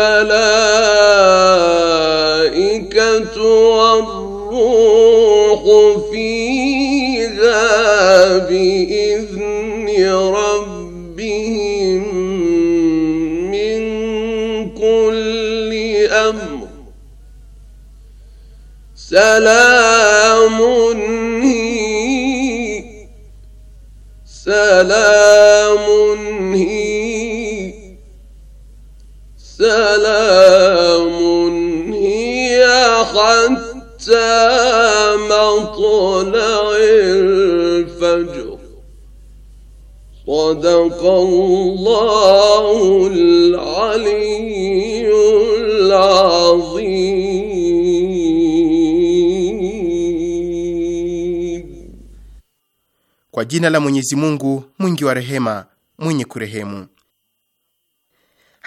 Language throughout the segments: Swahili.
الملائكه والروح فيها بإذن ربهم من كل أمر سلام سلام هي سلام هي حتى مطلع الفجر صدق الله العلي Kwa jina la Mwenyezi Mungu mwingi wa rehema mwenye kurehemu.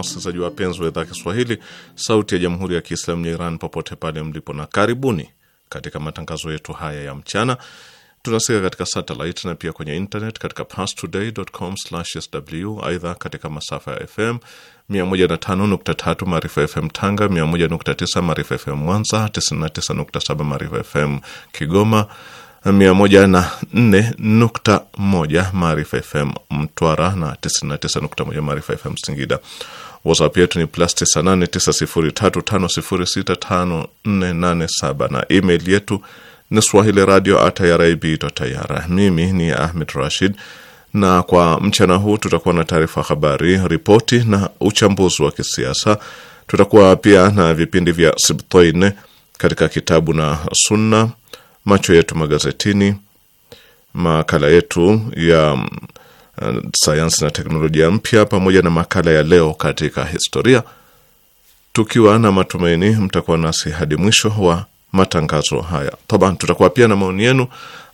wasikilizaji wapenzi wa idhaa Kiswahili sauti ya jamhuri ya Kiislamu ya Iran popote pale mlipo, na karibuni katika matangazo yetu haya ya mchana. Tunasika katika satelit na pia kwenye internet katika parstoday.com/sw. Aidha, katika masafa ya FM 105.3 Maarifa FM Tanga, 101.9 Maarifa FM Mwanza, 99.7 Maarifa FM Kigoma, 104.1 Maarifa FM Mtwara na 99.1 Maarifa FM Singida. WhatsApp yetu ni plus 989035065487 na email yetu ni swahili radio at irib tayara. Mimi ni Ahmed Rashid, na kwa mchana huu tutakuwa na taarifa habari, ripoti na uchambuzi wa kisiasa. Tutakuwa pia na vipindi vya sibtoine katika kitabu na Sunna, macho yetu magazetini, makala yetu ya Uh, sayansi na teknolojia mpya, pamoja na makala ya leo katika historia, tukiwa na matumaini mtakuwa nasi hadi mwisho wa matangazo haya. Toba, tutakuwa pia na maoni yenu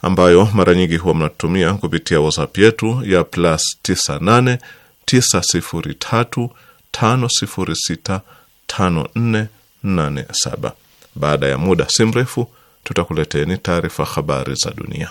ambayo mara nyingi huwa mnatutumia kupitia WhatsApp yetu ya plus 98 903 506 5487. Baada ya muda si mrefu tutakuleteni taarifa habari za dunia.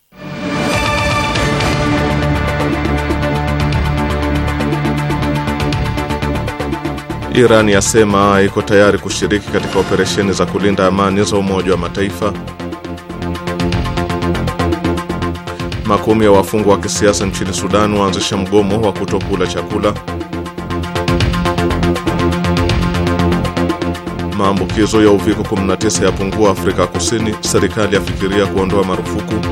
Iran yasema iko tayari kushiriki katika operesheni za kulinda amani za Umoja wa Mataifa. Makumi ya wafungwa wa kisiasa nchini Sudan waanzisha mgomo wa kutokula chakula. Maambukizo ya uviko 19 yapungua Afrika Kusini, serikali yafikiria kuondoa marufuku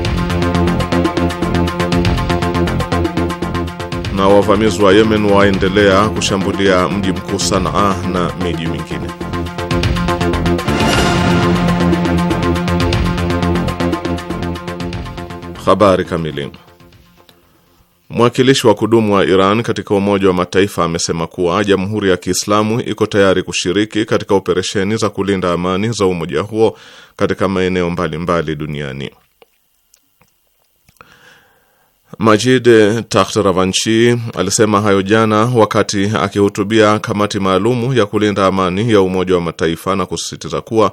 na wavamizi wa Yemen waendelea kushambulia mji mkuu Sanaa na miji mingine. Habari kamili. Mwakilishi wa kudumu wa Iran katika Umoja wa Mataifa amesema kuwa Jamhuri ya Kiislamu iko tayari kushiriki katika operesheni za kulinda amani za umoja huo katika maeneo mbalimbali duniani. Majid Tahtaravanchi alisema hayo jana wakati akihutubia kamati maalumu ya kulinda amani ya Umoja wa Mataifa na kusisitiza kuwa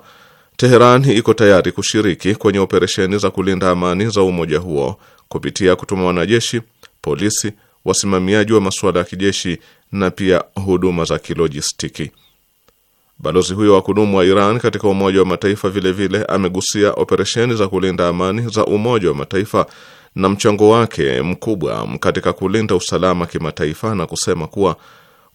Teheran iko tayari kushiriki kwenye operesheni za kulinda amani za umoja huo kupitia kutuma wanajeshi, polisi, wasimamiaji wa masuala ya kijeshi na pia huduma za kilojistiki. Balozi huyo wa kudumu wa Iran katika Umoja wa Mataifa vilevile vile amegusia operesheni za kulinda amani za Umoja wa Mataifa na mchango wake mkubwa katika kulinda usalama kimataifa na kusema kuwa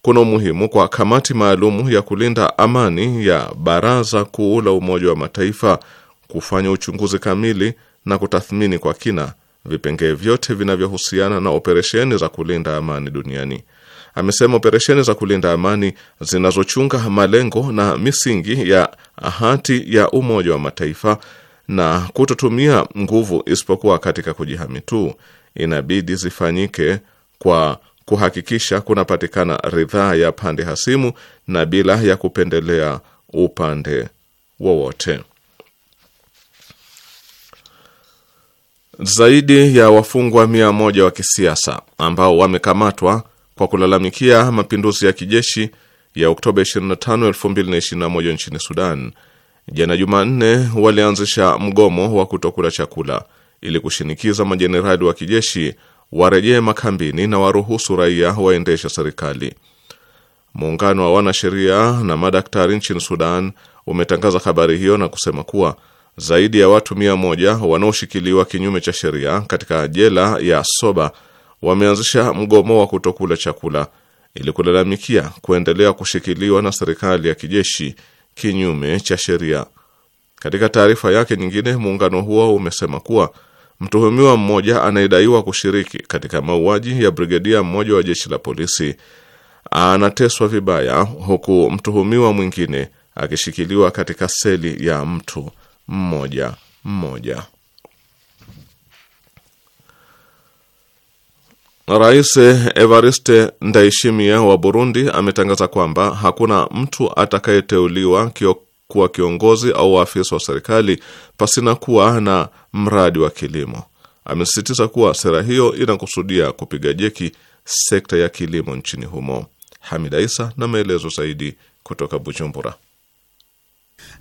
kuna umuhimu kwa kamati maalum ya kulinda amani ya Baraza Kuu la Umoja wa Mataifa kufanya uchunguzi kamili na kutathmini kwa kina vipengee vyote vinavyohusiana na operesheni za kulinda amani duniani. Amesema operesheni za kulinda amani zinazochunga malengo na misingi ya hati ya Umoja wa Mataifa na kutotumia nguvu isipokuwa katika kujihami tu, inabidi zifanyike kwa kuhakikisha kunapatikana ridhaa ya pande hasimu na bila ya kupendelea upande wowote. Zaidi ya wafungwa mia moja wa kisiasa ambao wamekamatwa kwa kulalamikia mapinduzi ya kijeshi ya Oktoba 25, 2021 nchini Sudan jana Jumanne walianzisha mgomo wa kutokula chakula ili kushinikiza majenerali wa kijeshi warejee makambini na waruhusu raia waendeshe serikali. Muungano wa wanasheria na madaktari nchini Sudan umetangaza habari hiyo na kusema kuwa zaidi ya watu mia moja wanaoshikiliwa kinyume cha sheria katika jela ya Soba wameanzisha mgomo wa kutokula chakula ili kulalamikia kuendelea kushikiliwa na serikali ya kijeshi kinyume cha sheria. Katika taarifa yake nyingine, muungano huo umesema kuwa mtuhumiwa mmoja anayedaiwa kushiriki katika mauaji ya brigedia mmoja wa jeshi la polisi anateswa vibaya, huku mtuhumiwa mwingine akishikiliwa katika seli ya mtu mmoja mmoja. Rais Evariste Ndayishimiye wa Burundi ametangaza kwamba hakuna mtu atakayeteuliwa kuwa kiongozi au afisa wa serikali pasina kuwa na mradi wa kilimo. Amesisitiza kuwa sera hiyo inakusudia kupiga jeki sekta ya kilimo nchini humo. Hamida Isa na maelezo zaidi kutoka Bujumbura.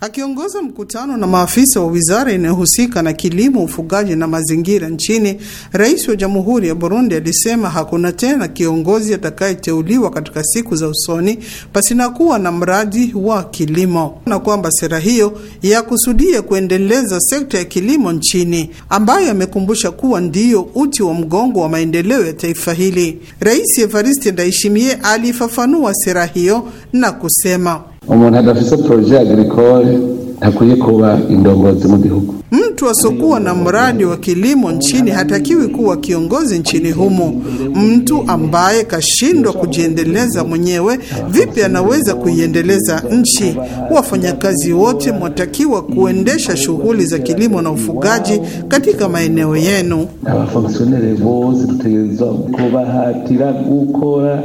Akiongoza mkutano na maafisa wa wizara inayohusika na kilimo, ufugaji na mazingira nchini, rais wa jamhuri ya Burundi alisema hakuna tena kiongozi atakayeteuliwa katika siku za usoni pasina kuwa na mradi wa kilimo, na kwamba sera hiyo yakusudia kuendeleza sekta ya kilimo nchini, ambayo amekumbusha kuwa ndiyo uti wa mgongo wa maendeleo ya taifa hili. Rais Evariste Ndayishimiye alifafanua sera hiyo na kusema umuntu adafise proje agricole ntakwiye kuba indongozi mu gihugu mtu asokuwa na mradi wa kilimo nchini hatakiwi kuwa kiongozi nchini humo. Mtu ambaye kashindwa kujiendeleza mwenyewe, vipi anaweza kuiendeleza nchi? Wafanyakazi wote mwatakiwa kuendesha shughuli za kilimo na ufugaji katika maeneo yenu. tutegerezwa kubahatira gukora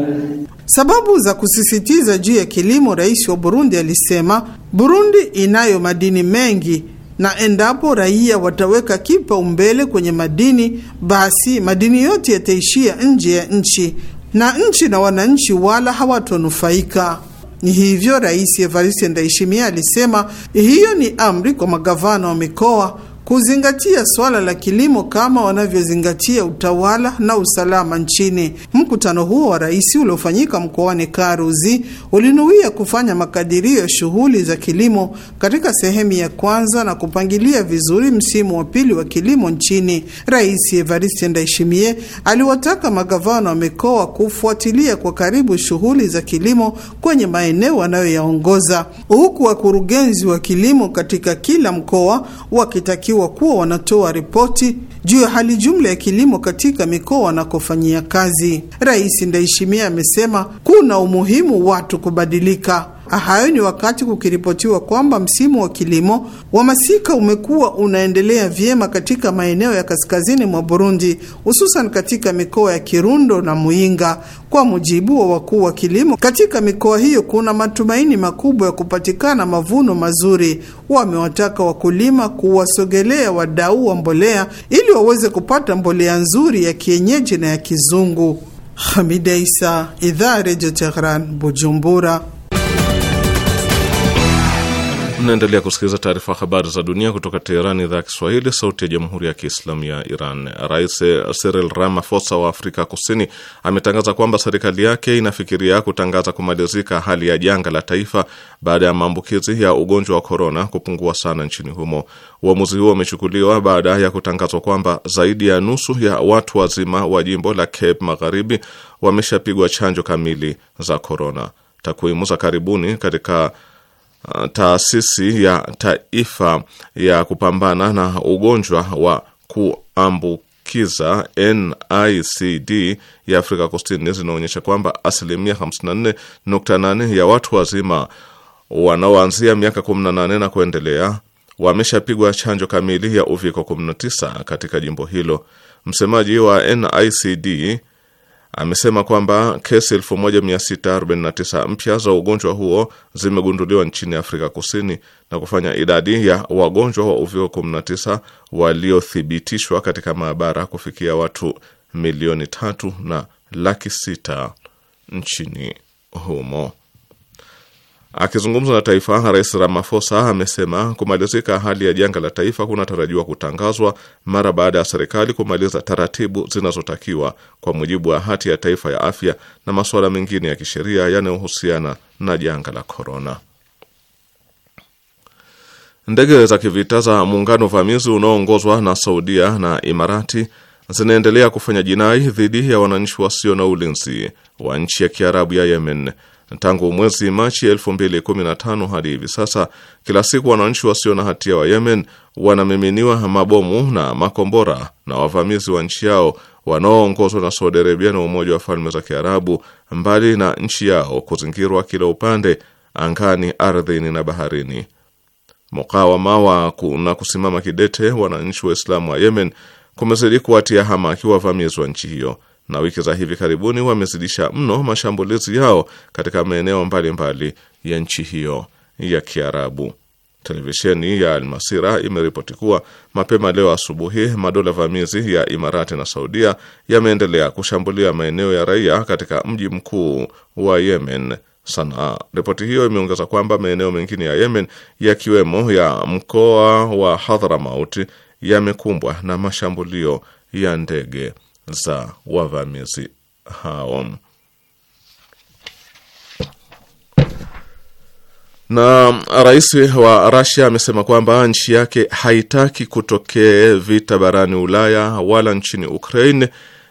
Sababu za kusisitiza juu ya kilimo, rais wa Burundi alisema Burundi inayo madini mengi na endapo raia wataweka kipaumbele kwenye madini, basi madini yote yataishia nje ya nchi na nchi na wananchi wala hawatonufaika. Ni hivyo Rais Evariste Ndayishimiye alisema hiyo ni amri kwa magavana wa mikoa kuzingatia swala la kilimo kama wanavyozingatia utawala na usalama nchini. Mkutano huo wa rais uliofanyika mkoani Karuzi ulinuia kufanya makadirio ya shughuli za kilimo katika sehemu ya kwanza na kupangilia vizuri msimu wa pili wa kilimo nchini. Rais Evariste Ndayishimiye aliwataka magavana wa mikoa kufuatilia kwa karibu shughuli za kilimo kwenye maeneo anayoyaongoza huku wakurugenzi wa kilimo katika kila mkoa wakitakiwa wakuwa kuwa wanatoa ripoti juu ya hali jumla ya kilimo katika mikoa wanakofanyia kazi. Rais Ndayishimiye amesema kuna umuhimu watu kubadilika. Hayo ni wakati kukiripotiwa kwamba msimu wa kilimo wa masika umekuwa unaendelea vyema katika maeneo ya kaskazini mwa Burundi, hususan katika mikoa ya Kirundo na Muinga. Kwa mujibu wa wakuu wa kilimo katika mikoa hiyo, kuna matumaini makubwa ya kupatikana mavuno mazuri. Wamewataka wakulima kuwasogelea wadau wa mbolea ili waweze kupata mbolea nzuri ya kienyeji na ya kizungu. Hamida Isa, idhaa ya redio Tehran, Bujumbura. Mnaendelea kusikiliza taarifa habari za dunia kutoka Teherani, idhaa ya Kiswahili, sauti ya jamhuri ya kiislamu ya Iran. Rais Cyril Ramaphosa wa Afrika Kusini ametangaza kwamba serikali yake inafikiria kutangaza kumalizika hali ya janga la taifa baada ya maambukizi ya ugonjwa wa korona kupungua sana nchini humo. Uamuzi huo umechukuliwa baada ya kutangazwa kwamba zaidi ya nusu ya watu wazima wa jimbo la Cape Magharibi wameshapigwa chanjo kamili za korona. Takwimu za karibuni katika Uh, taasisi ya taifa ya kupambana na ugonjwa wa kuambukiza NICD ya Afrika Kusini zinaonyesha kwamba asilimia 54.8 ya watu wazima wanaoanzia miaka 18 na kuendelea wameshapigwa chanjo kamili ya uviko 19 katika jimbo hilo. Msemaji wa NICD amesema kwamba kesi 1649 mpya za ugonjwa huo zimegunduliwa nchini Afrika Kusini na kufanya idadi ya wagonjwa wa uviko 19 waliothibitishwa katika maabara kufikia watu milioni tatu na laki sita nchini humo. Akizungumza na taifa, Rais Ramaphosa amesema kumalizika hali ya janga la taifa kunatarajiwa kutangazwa mara baada ya serikali kumaliza taratibu zinazotakiwa kwa mujibu wa hati ya taifa ya afya na masuala mengine ya kisheria yanayohusiana na janga la korona. Ndege za kivita za muungano vamizi unaoongozwa na Saudia na Imarati zinaendelea kufanya jinai dhidi ya wananchi wasio na ulinzi wa nchi ya Kiarabu ya Yemen Tangu mwezi Machi 2015 hadi hivi sasa, kila siku wananchi wasio na hatia wa Yemen wanamiminiwa mabomu na makombora na wavamizi wa nchi yao wanaoongozwa na Saudi Arabia na Umoja wa Falme za Kiarabu, mbali na nchi yao kuzingirwa kila upande, angani, ardhini na baharini. Mukawama wa na kusimama kidete wananchi Waislamu wa Yemen kumezidi kuwatia hamaki wavamizi wa nchi hiyo na wiki za hivi karibuni wamezidisha mno mashambulizi yao katika maeneo mbalimbali ya nchi hiyo ya Kiarabu. Televisheni ya Almasira imeripoti kuwa mapema leo asubuhi madola vamizi ya Imarati na Saudia yameendelea kushambulia maeneo ya raia katika mji mkuu wa Yemen, Sanaa. Ripoti hiyo imeongeza kwamba maeneo mengine ya Yemen yakiwemo ya mkoa wa Hadhramaut yamekumbwa na mashambulio ya ndege za wavamizi hao. Na rais wa Rasia amesema kwamba nchi yake haitaki kutokee vita barani Ulaya wala nchini Ukraine,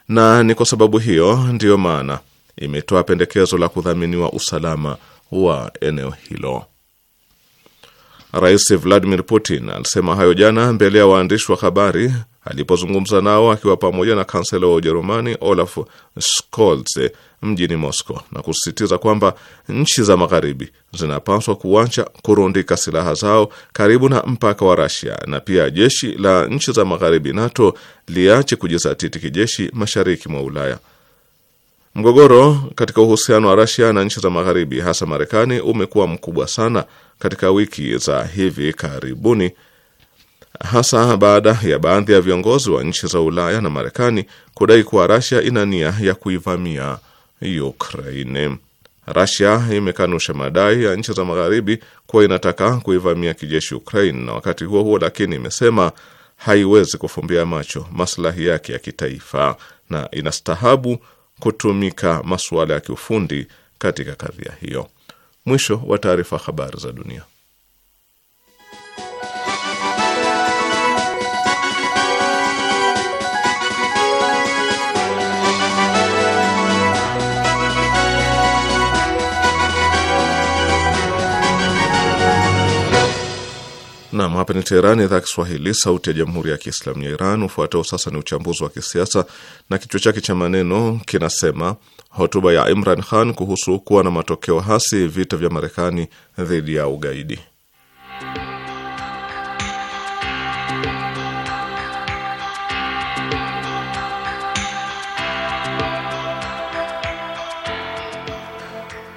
na ni kwa sababu hiyo ndiyo maana imetoa pendekezo la kudhaminiwa usalama wa eneo hilo. Rais Vladimir Putin alisema hayo jana mbele ya waandishi wa habari alipozungumza nao akiwa pamoja na kansela wa Ujerumani Olaf Scholz mjini Moscow na kusisitiza kwamba nchi za magharibi zinapaswa kuacha kurundika silaha zao karibu na mpaka wa Russia na pia jeshi la nchi za magharibi NATO liache kujizatiti kijeshi mashariki mwa Ulaya. Mgogoro katika uhusiano wa Russia na nchi za magharibi hasa Marekani umekuwa mkubwa sana katika wiki za hivi karibuni hasa baada ya baadhi ya viongozi wa nchi za Ulaya na Marekani kudai kuwa Rasia ina nia ya kuivamia Ukraine. Rasia imekanusha madai ya nchi za Magharibi kuwa inataka kuivamia kijeshi Ukraine, na wakati huo huo lakini imesema haiwezi kufumbia macho maslahi yake ya kitaifa na inastahabu kutumika masuala ya kiufundi katika kadhia hiyo. Mwisho wa taarifa. Habari za dunia. Nam, hapa ni Teherani, idhaa Kiswahili, sauti ya jamhuri ya kiislamu ya Iran. Ufuatao sasa ni uchambuzi wa kisiasa na kichwa chake cha maneno kinasema hotuba ya Imran Khan kuhusu kuwa na matokeo hasi vita vya Marekani dhidi ya ugaidi.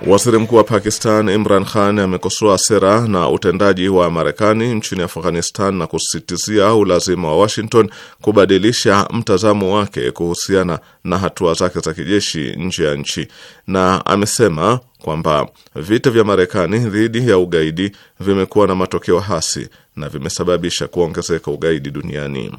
Waziri mkuu wa Pakistan Imran Khan amekosoa sera na utendaji wa Marekani nchini Afghanistan na kusisitizia ulazima wa Washington kubadilisha mtazamo wake kuhusiana na hatua zake za kijeshi nje ya nchi, na amesema kwamba vita vya Marekani dhidi ya ugaidi vimekuwa na matokeo hasi na vimesababisha kuongezeka ugaidi duniani.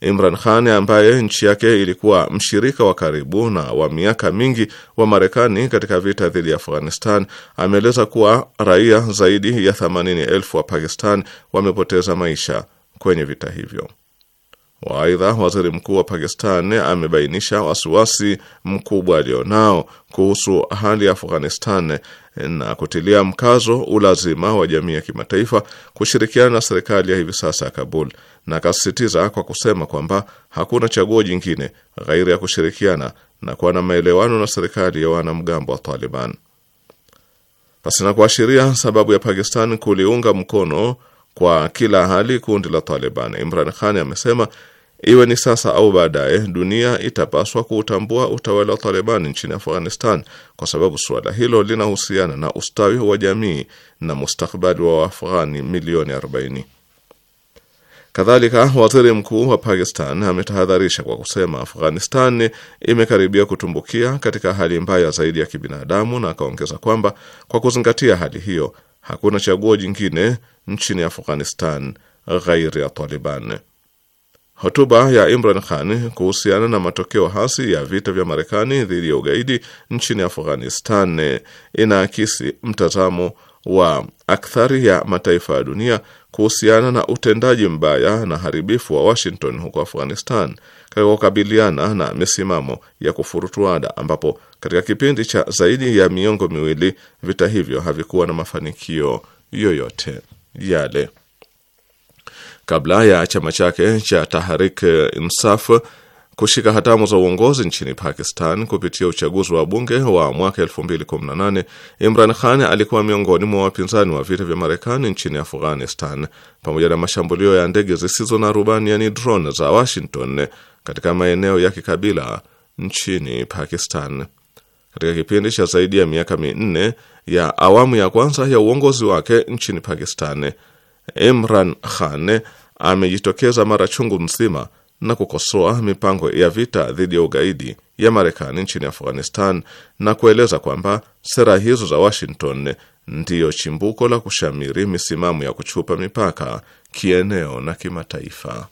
Imran Khan ambaye nchi yake ilikuwa mshirika wa karibu na wa miaka mingi wa Marekani katika vita dhidi ya Afghanistan ameeleza kuwa raia zaidi ya 80,000 wa Pakistan wamepoteza maisha kwenye vita hivyo waidha waziri mkuu wa Pakistan amebainisha wasiwasi mkubwa alionao kuhusu hali ya Afghanistan na kutilia mkazo ulazima wa jamii ya kimataifa kushirikiana na serikali ya hivi sasa ya Kabul, na akasisitiza kwa kusema kwamba hakuna chaguo jingine ghairi ya kushirikiana na kuwa na maelewano na serikali ya wanamgambo wa Taliban, pasi na kuashiria sababu ya Pakistan kuliunga mkono kwa kila hali kundi la Taliban. Imran Khan amesema iwe ni sasa au baadaye, dunia itapaswa kuutambua utawala wa Taliban nchini Afghanistan kwa sababu suala hilo linahusiana na ustawi wa jamii na mustakbali wa Waafghani milioni 40. Kadhalika, waziri mkuu wa Pakistan ametahadharisha kwa kusema Afghanistan imekaribia kutumbukia katika hali mbaya zaidi ya kibinadamu, na akaongeza kwamba kwa kuzingatia hali hiyo, hakuna chaguo jingine nchini Afghanistan ghairi ya Taliban. Hotuba ya Imran Khan kuhusiana na matokeo hasi ya vita vya Marekani dhidi ya ugaidi nchini Afghanistan inaakisi mtazamo wa akthari ya mataifa ya dunia kuhusiana na utendaji mbaya na haribifu wa Washington huko Afghanistan kukabiliana na misimamo ya kufurutuada, ambapo katika kipindi cha zaidi ya miongo miwili vita hivyo havikuwa na mafanikio yoyote yale. Kabla ya chama chake cha Tahrik Insaf kushika hatamu za uongozi nchini Pakistan kupitia uchaguzi wa bunge wa mwaka 2018, Imran Khan alikuwa miongoni mwa wapinzani wa vita vya Marekani nchini Afghanistan, pamoja na mashambulio ya ndege zisizo na rubani, yani drone, za Washington katika maeneo ya kikabila nchini Pakistan. Katika kipindi cha zaidi ya miaka minne ya awamu ya kwanza ya uongozi wake nchini Pakistan, Imran Khan amejitokeza mara chungu mzima na kukosoa mipango ya vita dhidi ya ugaidi ya Marekani nchini Afghanistan na kueleza kwamba sera hizo za Washington ndiyo chimbuko la kushamiri misimamo ya kuchupa mipaka kieneo na kimataifa.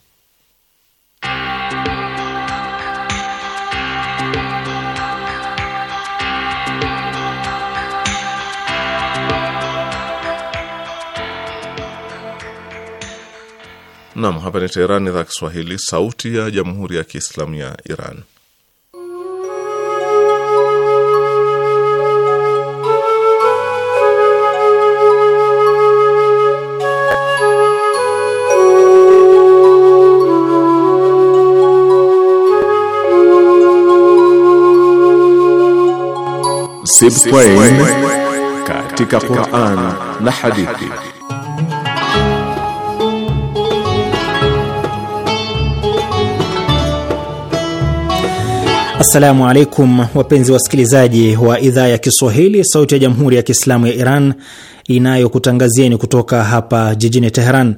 nam hapa ni Teherani, idhaa Kiswahili, sauti ya jamhuri ya kiislamu ya Iran. Sibtain katika Quran na hadithi Assalamu alaikum wapenzi wasikilizaji wa idhaa ya Kiswahili sauti ya jamhuri ya Kiislamu ya Iran inayokutangazieni kutoka hapa jijini Teheran.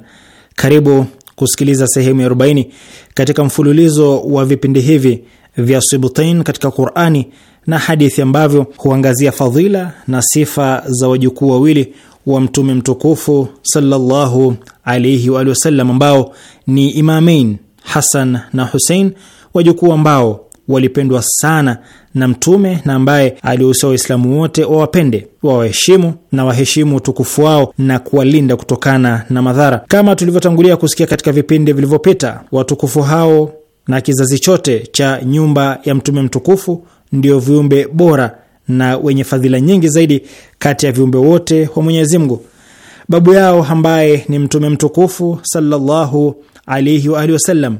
Karibu kusikiliza sehemu ya 40 katika mfululizo wa vipindi hivi vya Sibutain katika Qurani na hadithi ambavyo huangazia fadhila na sifa za wajukuu wawili wa Mtume mtukufu sallallahu alaihi waalihi wasallam ambao ni Imamain Hasan na Husein, wajukuu ambao walipendwa sana na Mtume na ambaye aliwahusia Waislamu wote wawapende, wawaheshimu na waheshimu utukufu wao na kuwalinda kutokana na madhara. Kama tulivyotangulia kusikia katika vipindi vilivyopita, watukufu hao na kizazi chote cha nyumba ya Mtume mtukufu ndio viumbe bora na wenye fadhila nyingi zaidi kati ya viumbe wote wa Mwenyezi Mungu. Babu yao ambaye ni Mtume mtukufu sallallahu alaihi wa alihi wasallam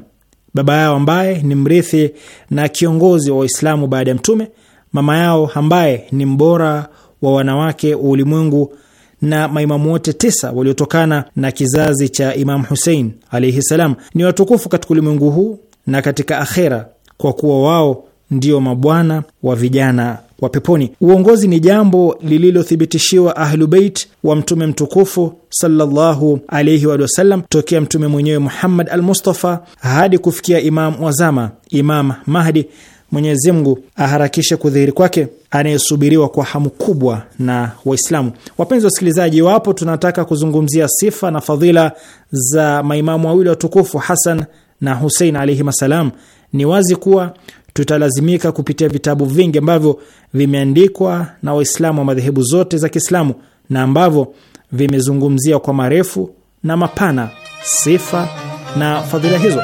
baba yao ambaye ni mrithi na kiongozi wa Waislamu baada ya Mtume, mama yao ambaye ni mbora wa wanawake wa ulimwengu na maimamu wote tisa waliotokana na kizazi cha Imamu Husein alaihi salam, ni watukufu katika ulimwengu huu na katika akhera, kwa kuwa wao ndio mabwana wa vijana wa peponi. Uongozi ni jambo lililothibitishiwa Ahlubeit wa Mtume mtukufu sallallahu alaihi wa sallam tokea Mtume mwenyewe Muhammad al Mustafa hadi kufikia Imam wazama Imam Mahdi, Mwenyezi Mungu aharakishe kudhihiri kwake, anayesubiriwa kwa hamu kubwa na Waislamu. Wapenzi wa wasikilizaji, iwapo tunataka kuzungumzia sifa na fadhila za maimamu wawili watukufu Hasan na Husein alaihim assalam, ni wazi kuwa tutalazimika kupitia vitabu vingi ambavyo vimeandikwa na Waislamu wa madhehebu zote za Kiislamu na ambavyo vimezungumzia kwa marefu na mapana sifa na fadhila hizo.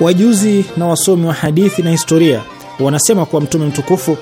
Wajuzi na wasomi wa hadithi na historia wanasema kuwa Mtume mtukufu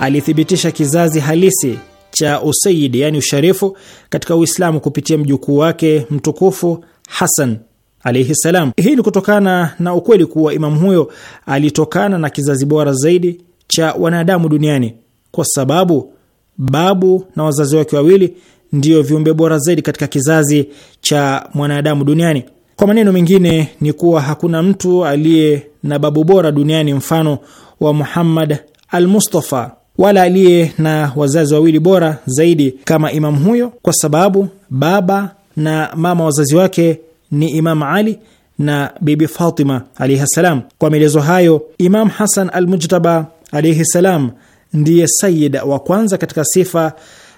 alithibitisha kizazi halisi cha usayidi, yani usharifu katika Uislamu kupitia mjukuu wake mtukufu Hasan alaihi salam. Hii ni kutokana na ukweli kuwa imamu huyo alitokana na kizazi bora zaidi cha wanadamu duniani kwa sababu babu na wazazi wake wawili ndiyo viumbe bora zaidi katika kizazi cha mwanadamu duniani. Kwa maneno mengine, ni kuwa hakuna mtu aliye na babu bora duniani mfano wa Muhammad al-Mustafa wala aliye na wazazi wawili bora zaidi kama imamu huyo, kwa sababu baba na mama wazazi wake ni Imam Ali na Bibi Fatima alaihi ssalam. Kwa maelezo hayo, Imam Hasan al-Mujtaba alaihi ssalam ndiye sayid wa kwanza katika sifa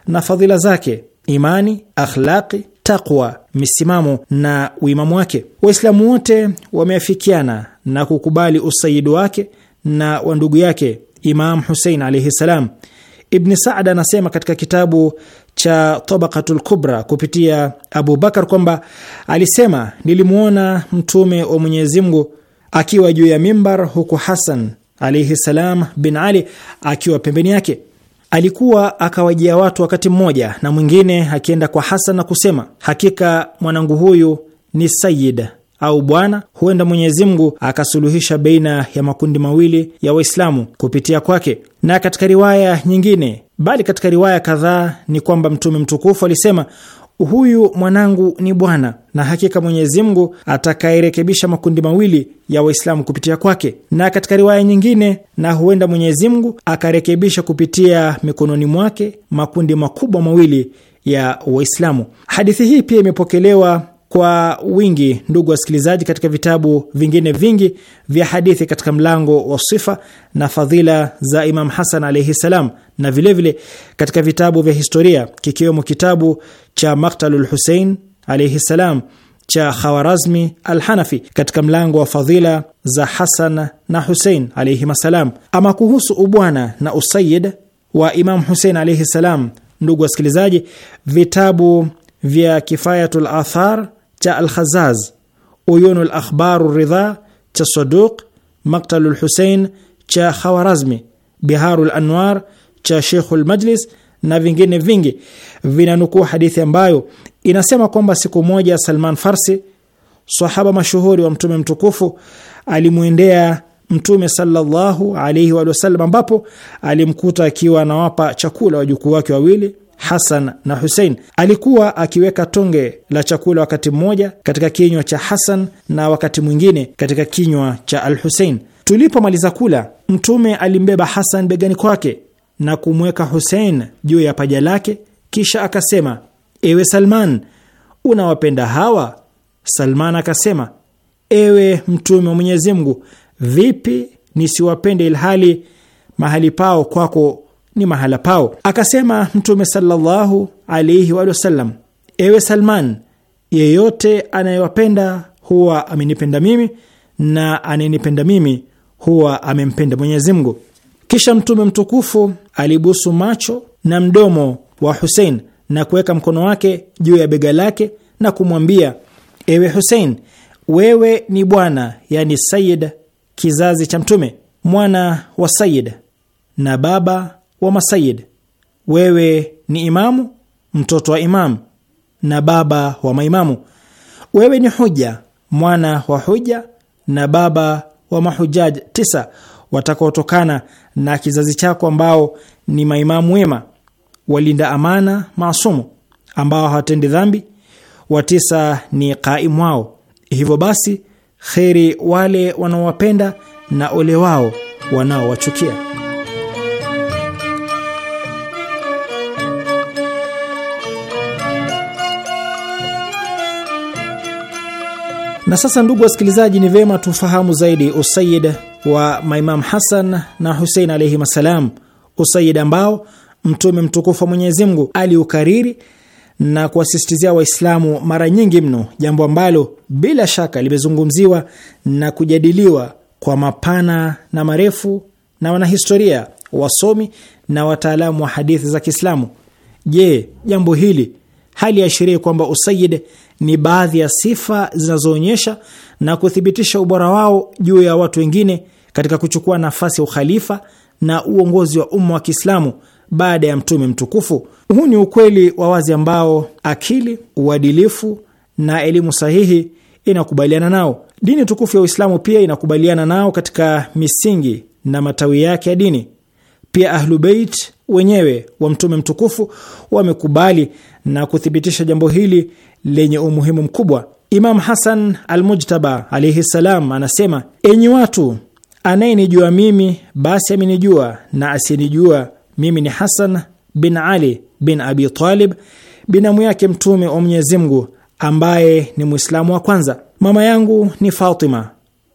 na fadhila zake: imani, akhlaqi, taqwa, misimamo na uimamu wake. Waislamu wote wameafikiana na kukubali usayidi wake na wa ndugu yake Imam Husein alaihi salam. Ibni Sad anasema katika kitabu cha Tabaqatul Kubra kupitia Abu Bakar kwamba alisema, nilimwona Mtume wa Mwenyezi Mungu akiwa juu ya mimbar, huku Hasan alaihi salam bin Ali akiwa pembeni yake. Alikuwa akawajia watu wakati mmoja, na mwingine akienda kwa Hasan na kusema, hakika mwanangu huyu ni sayid au bwana, huenda Mwenyezi Mungu akasuluhisha baina ya makundi mawili ya Waislamu kupitia kwake. Na katika riwaya nyingine, bali katika riwaya kadhaa, ni kwamba Mtume mtukufu alisema, huyu mwanangu ni bwana, na hakika Mwenyezi Mungu atakayerekebisha makundi mawili ya Waislamu kupitia kwake. Na katika riwaya nyingine, na huenda Mwenyezi Mungu akarekebisha kupitia mikononi mwake makundi makubwa mawili ya Waislamu. Hadithi hii pia imepokelewa kwa wingi, ndugu wasikilizaji, katika vitabu vingine vingi vya hadithi katika mlango wa sifa na fadhila za Imam Hasan alaihi salam, na vilevile vile katika vitabu vya historia kikiwemo kitabu cha Maktalul Husein alaihi salam cha Khawarazmi Alhanafi katika mlango wa fadhila za Hasan na Husein alaihim assalam. Ama kuhusu ubwana na usayid wa Imam Husein alaihi salam, ndugu wasikilizaji, vitabu vya Kifayatul Athar cha Alkhazaz, Uyunu Lakhbaru Ridha cha Saduq, Maktalu Lhusein cha Khawarazmi, Biharu Lanwar cha Sheikhu Lmajlis na vingine vingi vinanukuu hadithi ambayo inasema kwamba siku moja Salman Farsi, sahaba mashuhuri wa Mtume mtukufu, alimwendea Mtume sallallahu alaihi wasallam, ambapo alimkuta akiwa anawapa chakula wajukuu wake wawili Hasan na Husein. Alikuwa akiweka tonge la chakula wakati mmoja katika kinywa cha Hasan na wakati mwingine katika kinywa cha al Husein. Tulipomaliza kula, Mtume alimbeba Hasan begani kwake na kumweka Husein juu ya paja lake, kisha akasema, ewe Salman, unawapenda hawa? Salman akasema, ewe Mtume wa Mwenyezi Mungu, vipi nisiwapende ilhali mahali pao kwako ni mahala pao. Akasema Mtume sallallahu alaihi wasallam, ewe Salman, yeyote anayewapenda huwa amenipenda mimi na anayenipenda mimi huwa amempenda Mwenyezi Mungu. Kisha Mtume mtukufu alibusu macho na mdomo wa Husein na kuweka mkono wake juu ya bega lake na kumwambia, ewe Husein, wewe ni bwana, yani Sayid, kizazi cha Mtume, mwana wa Sayid na baba wa masayid, wewe ni imamu, mtoto wa imamu na baba wa maimamu. Wewe ni huja, mwana wa huja na baba wa mahujaji tisa watakaotokana na kizazi chako, ambao ni maimamu wema, walinda amana maasumu, ambao hawatendi dhambi. Watisa ni kaimu wao. Hivyo basi, kheri wale wanaowapenda na ole wao wanaowachukia. Na sasa, ndugu wasikilizaji, ni vema tufahamu zaidi Usayid wa maimam Hasan na Husein alaihim assalam, Usayid ambao Mtume mtukufu wa Mwenyezi Mungu aliukariri na kuwasisitizia Waislamu mara nyingi mno, jambo ambalo bila shaka limezungumziwa na kujadiliwa kwa mapana na marefu na wanahistoria, wasomi na wataalamu wa hadithi za Kiislamu. Je, jambo hili hali ashirie kwamba Usayid ni baadhi ya sifa zinazoonyesha na kuthibitisha ubora wao juu ya watu wengine katika kuchukua nafasi ya ukhalifa na uongozi wa umma wa Kiislamu baada ya mtume mtukufu. Huu ni ukweli wa wazi ambao akili, uadilifu na elimu sahihi inakubaliana nao. Dini tukufu ya Uislamu pia inakubaliana nao katika misingi na matawi yake ya dini. Pia Ahlubeit wenyewe wa mtume mtukufu wamekubali na kuthibitisha jambo hili lenye umuhimu mkubwa. Imam Hasan Almujtaba alaihi ssalam anasema, enyi watu, anayenijua mimi basi amenijua, na asiyenijua mimi ni Hasan bin Ali bin Abi Talib, binamu yake Mtume wa Mwenyezi Mungu, ambaye ni Mwislamu wa kwanza. Mama yangu ni Fatima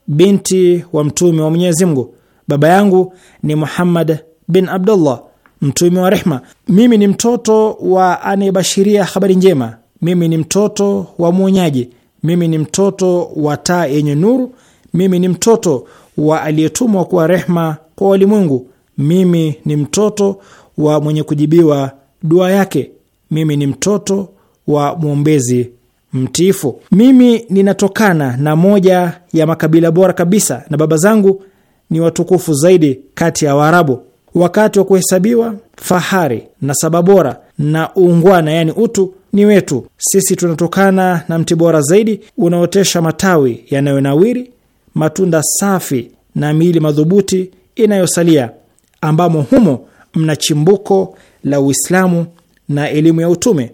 binti wa Mtume wa Mwenyezi Mungu. Baba yangu ni Muhammad bin Abdullah, mtume wa rehma. Mimi ni mtoto wa anayebashiria habari njema mimi ni mtoto wa mwonyaji, mimi ni mtoto wa taa yenye nuru, mimi ni mtoto wa aliyetumwa kuwa rehma kwa walimwengu, mimi ni mtoto wa mwenye kujibiwa dua yake, mimi ni mtoto wa mwombezi mtiifu. Mimi ninatokana na moja ya makabila bora kabisa, na baba zangu ni watukufu zaidi kati ya Waarabu. Wakati wa kuhesabiwa fahari na saba bora na uungwana, yaani utu ni wetu sisi, tunatokana na mti bora zaidi unaotesha matawi yanayonawiri, matunda safi na miili madhubuti inayosalia, ambamo humo mna chimbuko la Uislamu na elimu ya utume.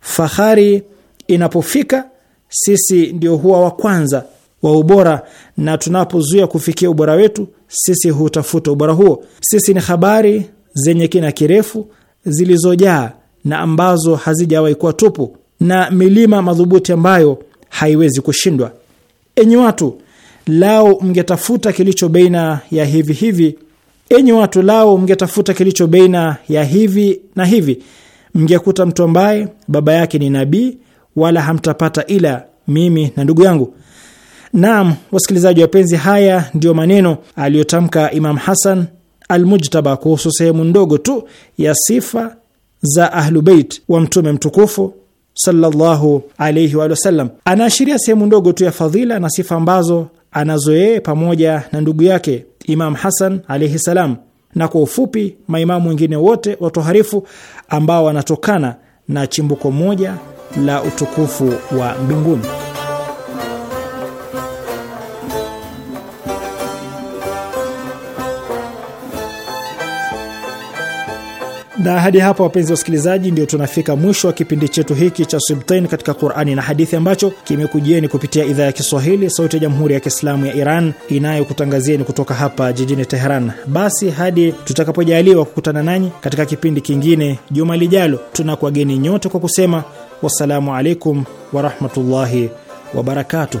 Fahari inapofika, sisi ndio huwa wa kwanza wa ubora, na tunapozuia kufikia ubora wetu, sisi hutafuta ubora huo. Sisi ni habari zenye kina kirefu zilizojaa na ambazo hazijawahi kuwa tupu na milima madhubuti ambayo haiwezi kushindwa. Enyi watu, lao mngetafuta kilicho baina ya hivi hivi, enyi watu, lao mngetafuta kilicho baina ya hivi na hivi, mngekuta mtu ambaye baba yake ni nabii, wala hamtapata ila mimi na ndugu yangu. Naam, wasikilizaji wapenzi, haya ndiyo maneno aliyotamka Imam Hasan Almujtaba kuhusu sehemu ndogo tu ya sifa za Ahlubeit wa Mtume mtukufu sallallahu alayhi wa sallam. Anaashiria sehemu ndogo tu ya fadhila na sifa ambazo anazo yeye pamoja na ndugu yake Imam Hasan alaihi salam, na kwa ufupi maimamu wengine wote watoharifu ambao wanatokana na chimbuko moja la utukufu wa mbinguni. Na hadi hapa, wapenzi wasikilizaji, ndio tunafika mwisho wa kipindi chetu hiki cha Sibtain katika Qurani na Hadithi, ambacho kimekujieni kupitia idhaa ya Kiswahili, Sauti ya Jamhuri ya Kiislamu ya Iran inayokutangazieni kutoka hapa jijini Teheran. Basi hadi tutakapojaliwa kukutana nanyi katika kipindi kingine juma lijalo, tunakuwageni nyote kwa kusema wassalamu alaikum warahmatullahi wabarakatuh.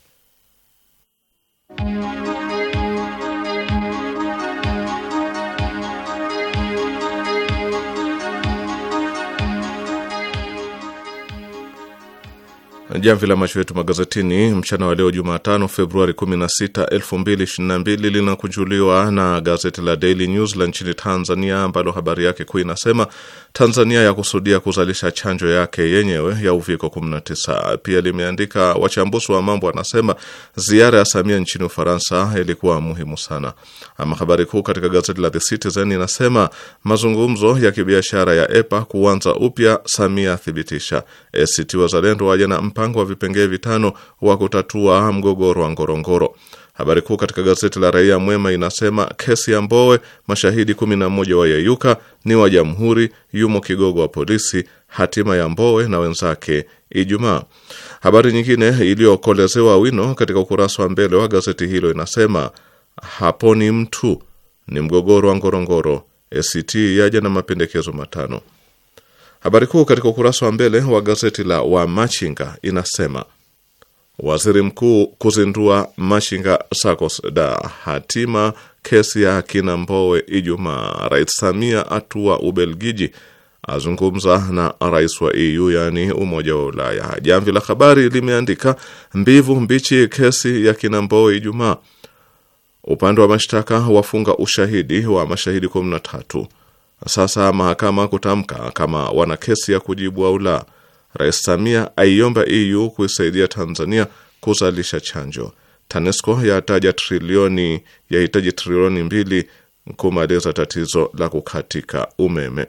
Jamvi la macho yetu magazetini mchana wa leo Jumatano, Februari 16, 2022 linakujuliwa na gazeti la Daily News la nchini Tanzania, ambalo habari yake kuu inasema Tanzania yakusudia kuzalisha chanjo yake yenyewe ya uviko 19. Pia limeandika wachambuzi wa mambo wanasema ziara ya Samia nchini Ufaransa ilikuwa muhimu sana. Ama habari kuu katika gazeti la The Citizen inasema mazungumzo ya kibiashara ya EPA kuanza upya, Samia athibitisha. ACT Wazalendo waja na mpa mpango wa vipengee vitano wa kutatua mgogoro wa Ngorongoro. Habari kuu katika gazeti la Raia Mwema inasema kesi ya Mbowe, mashahidi 11 wayeyuka, ni wa Jamhuri, yumo kigogo wa polisi, hatima ya Mbowe na wenzake Ijumaa. Habari nyingine iliyokolezewa wino katika ukurasa wa mbele wa gazeti hilo inasema hapo ni mtu ni mgogoro wa Ngorongoro, ACT yaja na mapendekezo matano. Habari kuu katika ukurasa wa mbele wa gazeti la Wamachinga inasema waziri mkuu kuzindua Machinga SACCOS da hatima kesi ya akina Mbowe Ijumaa. Rais Samia atua Ubelgiji, azungumza na rais wa EU yaani umoja wa Ulaya. Jamvi la Habari limeandika mbivu mbichi kesi ya kina Mbowe Ijumaa, upande wa mashtaka wafunga ushahidi wa mashahidi kumi na tatu sasa mahakama kutamka kama wana kesi ya kujibu au la. Rais Samia aiomba EU kuisaidia Tanzania kuzalisha chanjo. TANESCO yataja trilioni yahitaji trilioni mbili kumaliza tatizo la kukatika umeme.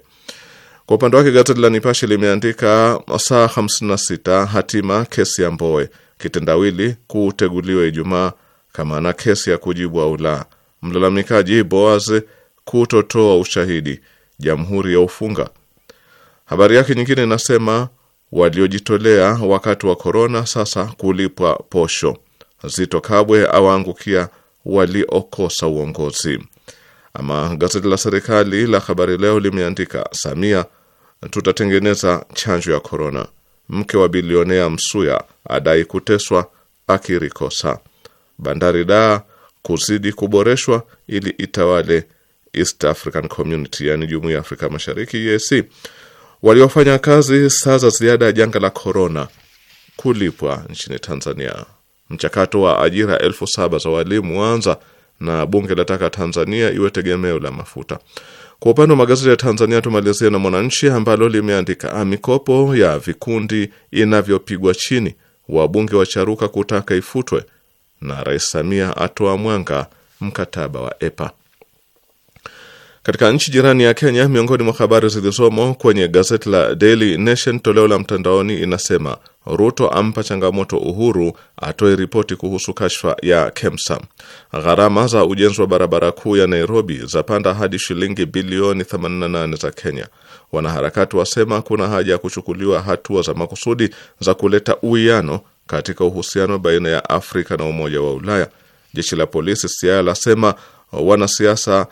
Kwa upande wake gazeti la Nipashe limeandika saa 56 hatima kesi ya Mboe, kitendawili kuteguliwa Ijumaa kama na kesi ya kujibu au la, mlalamikaji Boaz kutotoa ushahidi jamhuri ya ufunga. Habari yake nyingine inasema waliojitolea wakati wa korona sasa kulipwa posho. Zito Kabwe awaangukia waliokosa uongozi. Ama gazeti la serikali la Habari Leo limeandika Samia, tutatengeneza chanjo ya korona. Mke wa bilionea Msuya adai kuteswa akirikosa. Bandari Daa kuzidi kuboreshwa ili itawale East African Community, yani jumuiya ya Afrika Mashariki, EAC, waliofanya kazi saa za ziada ya janga la corona kulipwa nchini Tanzania. Mchakato wa ajira elfu saba za walimu wanza na bunge lataka Tanzania iwe tegemeo la mafuta. Kwa upande wa magazeti ya Tanzania tumalizie na Mwananchi ambalo limeandika ah, mikopo ya vikundi inavyopigwa chini, wabunge wacharuka kutaka ifutwe, na Rais Samia atoa mwanga mkataba wa EPA. Katika nchi jirani ya Kenya, miongoni mwa habari zilizomo kwenye gazeti la Daily Nation toleo la mtandaoni inasema Ruto ampa changamoto Uhuru atoe ripoti kuhusu kashfa ya Kemsa. Gharama za ujenzi wa barabara kuu ya Nairobi zapanda hadi shilingi bilioni 88 za Kenya. Wanaharakati wasema kuna haja ya kuchukuliwa hatua za makusudi za kuleta uwiano katika uhusiano baina ya Afrika na Umoja wa Ulaya. Jeshi la polisi Siaya lasema wanasiasa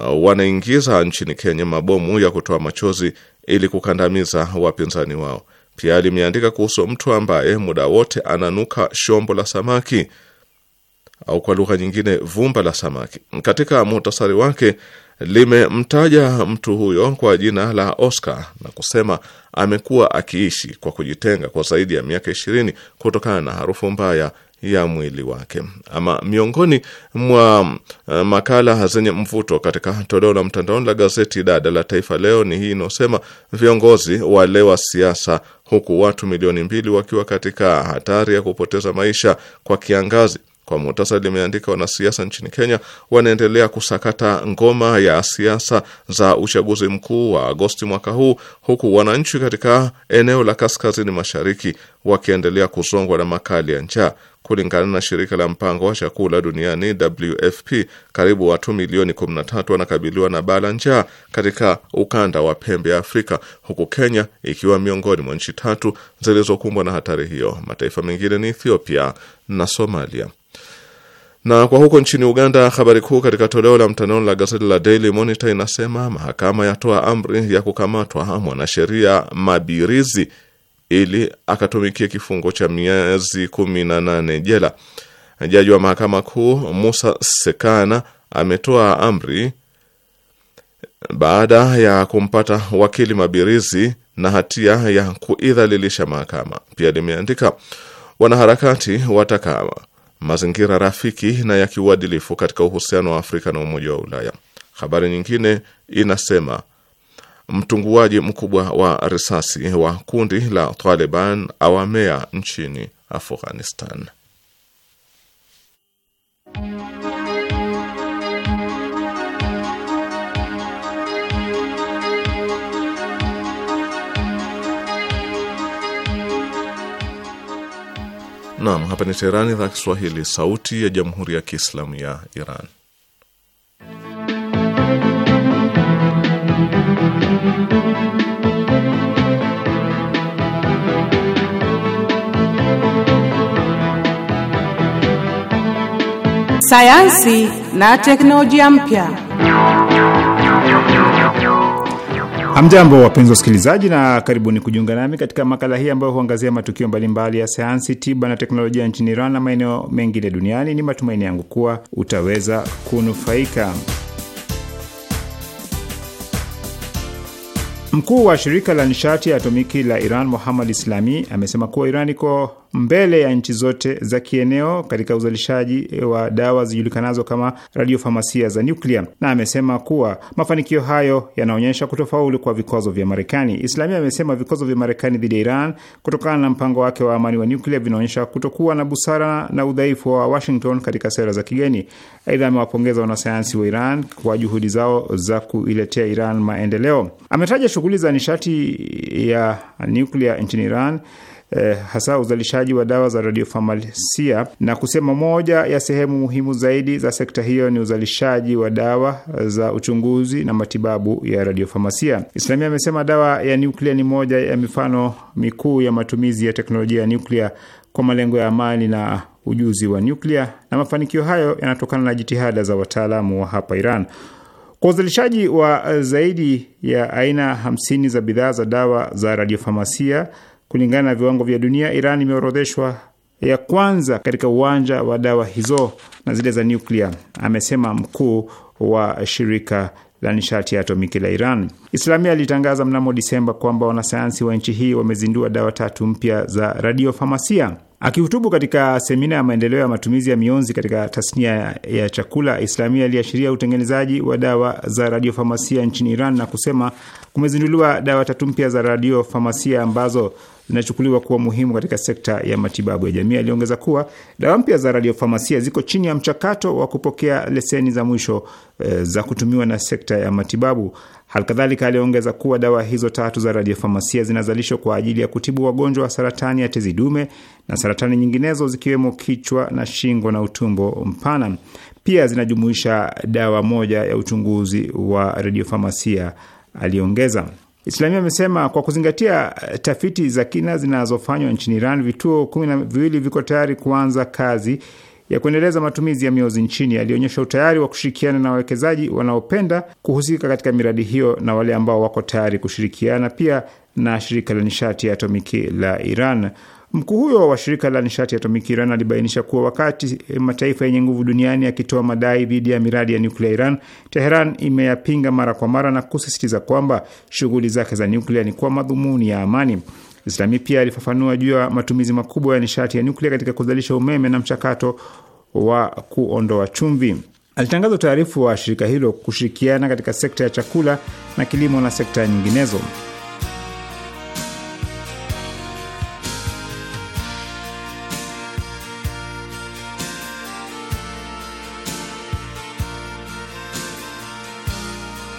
Uh, wanaingiza nchini Kenya mabomu ya kutoa machozi ili kukandamiza wapinzani wao. Pia limeandika kuhusu mtu ambaye muda wote ananuka shombo la samaki au kwa lugha nyingine vumba la samaki. Katika muhtasari wake limemtaja mtu huyo kwa jina la Oscar na kusema amekuwa akiishi kwa kujitenga kwa zaidi ya miaka ishirini kutokana na harufu mbaya ya mwili wake. Ama miongoni mwa uh, makala zenye mvuto katika toleo la mtandaoni la gazeti dada la Taifa Leo ni hii inaosema viongozi walewa siasa, huku watu milioni mbili wakiwa katika hatari ya kupoteza maisha kwa kiangazi. Kwa muhtasari, limeandika wanasiasa nchini Kenya wanaendelea kusakata ngoma ya siasa za uchaguzi mkuu wa Agosti mwaka huu, huku wananchi katika eneo la kaskazini mashariki wakiendelea kuzongwa na makali ya njaa. Kulingana na shirika la mpango wa chakula duniani WFP, karibu watu milioni 13 wanakabiliwa na baa la njaa katika ukanda wa pembe ya Afrika, huku Kenya ikiwa miongoni mwa nchi tatu zilizokumbwa na hatari hiyo. Mataifa mengine ni Ethiopia na Somalia. Na kwa huko nchini Uganda, habari kuu katika toleo la mtandaoni la gazeti la Daily Monitor inasema mahakama yatoa amri ya kukamatwa mwanasheria Mabirizi ili akatumikia kifungo cha miezi kumi na nane jela. Jaji wa mahakama kuu Musa Sekana ametoa amri baada ya kumpata wakili Mabirizi na hatia ya kuidhalilisha mahakama. Pia limeandika wanaharakati wataka mazingira rafiki na ya kiuadilifu katika uhusiano wa Afrika na Umoja wa Ulaya. Habari nyingine inasema mtunguaji mkubwa wa risasi wa kundi la Taliban awamea nchini Afghanistan. Naam, hapa ni Teherani, idhaa Kiswahili, sauti ya Jamhuri ya Kiislamu ya Iran. Sayansi na teknolojia mpya. Hamjambo, wapenzi usikilizaji na karibuni kujiunga nami katika makala hii ambayo huangazia matukio mbalimbali ya sayansi, tiba na teknolojia nchini Iran na maeneo mengine duniani. Ni matumaini yangu kuwa utaweza kunufaika. Mkuu wa shirika la nishati ya atomiki la Iran Muhammad Islami amesema kuwa Iran iko mbele ya nchi zote za kieneo katika uzalishaji e, wa dawa zijulikanazo kama radiofamasia za nyuklia, na amesema kuwa mafanikio hayo yanaonyesha kutofauli kwa vikwazo vya Marekani. Islamia amesema vikwazo vya Marekani dhidi ya Iran kutokana na mpango wake wa amani wa nyuklia vinaonyesha kutokuwa na busara na udhaifu wa Washington katika sera za kigeni. Aidha, amewapongeza wanasayansi wa Iran kwa juhudi zao za kuiletea Iran maendeleo. Ametaja shughuli za nishati ya nyuklia nchini Iran eh, hasa uzalishaji wa dawa za radiofamasia na kusema moja ya sehemu muhimu zaidi za sekta hiyo ni uzalishaji wa dawa za uchunguzi na matibabu ya radiofamasia. Islamia amesema dawa ya nuklia ni moja ya mifano mikuu ya matumizi ya teknolojia ya nuklia kwa malengo ya amani na ujuzi wa nuklia, na mafanikio hayo yanatokana na jitihada za wataalamu wa hapa Iran. Kwa uzalishaji wa zaidi ya aina 50 za bidhaa za dawa za radiofamasia Kulingana na viwango vya dunia, Iran imeorodheshwa ya kwanza katika uwanja wa dawa hizo na zile za nuklia amesema mkuu wa shirika la nishati ya atomiki la Iran. Islamia alitangaza mnamo Disemba kwamba wanasayansi wa nchi hii wamezindua dawa tatu mpya za radiofarmasia. Akihutubu katika semina ya maendeleo ya matumizi ya mionzi katika tasnia ya chakula, Islamia aliashiria utengenezaji wa dawa za radiofarmasia nchini Iran na kusema kumezinduliwa dawa tatu mpya za radiofarmasia ambazo zinachukuliwa kuwa muhimu katika sekta ya matibabu ya jamii. Aliongeza kuwa dawa mpya za radiofarmasia ziko chini ya mchakato wa kupokea leseni za mwisho e, za kutumiwa na sekta ya matibabu. Halikadhalika, aliongeza kuwa dawa hizo tatu za radiofarmasia zinazalishwa kwa ajili ya kutibu wagonjwa wa saratani ya tezi dume na saratani nyinginezo zikiwemo kichwa na shingo na utumbo mpana. Pia zinajumuisha dawa moja ya uchunguzi wa radiofarmasia, aliongeza. Islamia amesema kwa kuzingatia eh, tafiti za kina zinazofanywa nchini Iran, vituo kumi na viwili viko tayari kuanza kazi ya kuendeleza matumizi ya miozi nchini. Alionyesha utayari wa kushirikiana na wawekezaji wanaopenda kuhusika katika miradi hiyo na wale ambao wako tayari kushirikiana pia na shirika la nishati ya atomiki la Iran. Mkuu huyo wa shirika la nishati ya atomiki Iran alibainisha kuwa wakati eh, mataifa yenye nguvu duniani yakitoa madai dhidi ya miradi ya nyuklia Iran, Teheran imeyapinga mara kwa mara na kusisitiza kwamba shughuli zake za nyuklia ni kwa madhumuni ya amani. Islami pia alifafanua juu ya matumizi makubwa ya nishati ya nyuklia katika kuzalisha umeme na mchakato wa kuondoa chumvi. Alitangaza utaarifu wa shirika hilo kushirikiana katika sekta ya chakula na kilimo na sekta nyinginezo.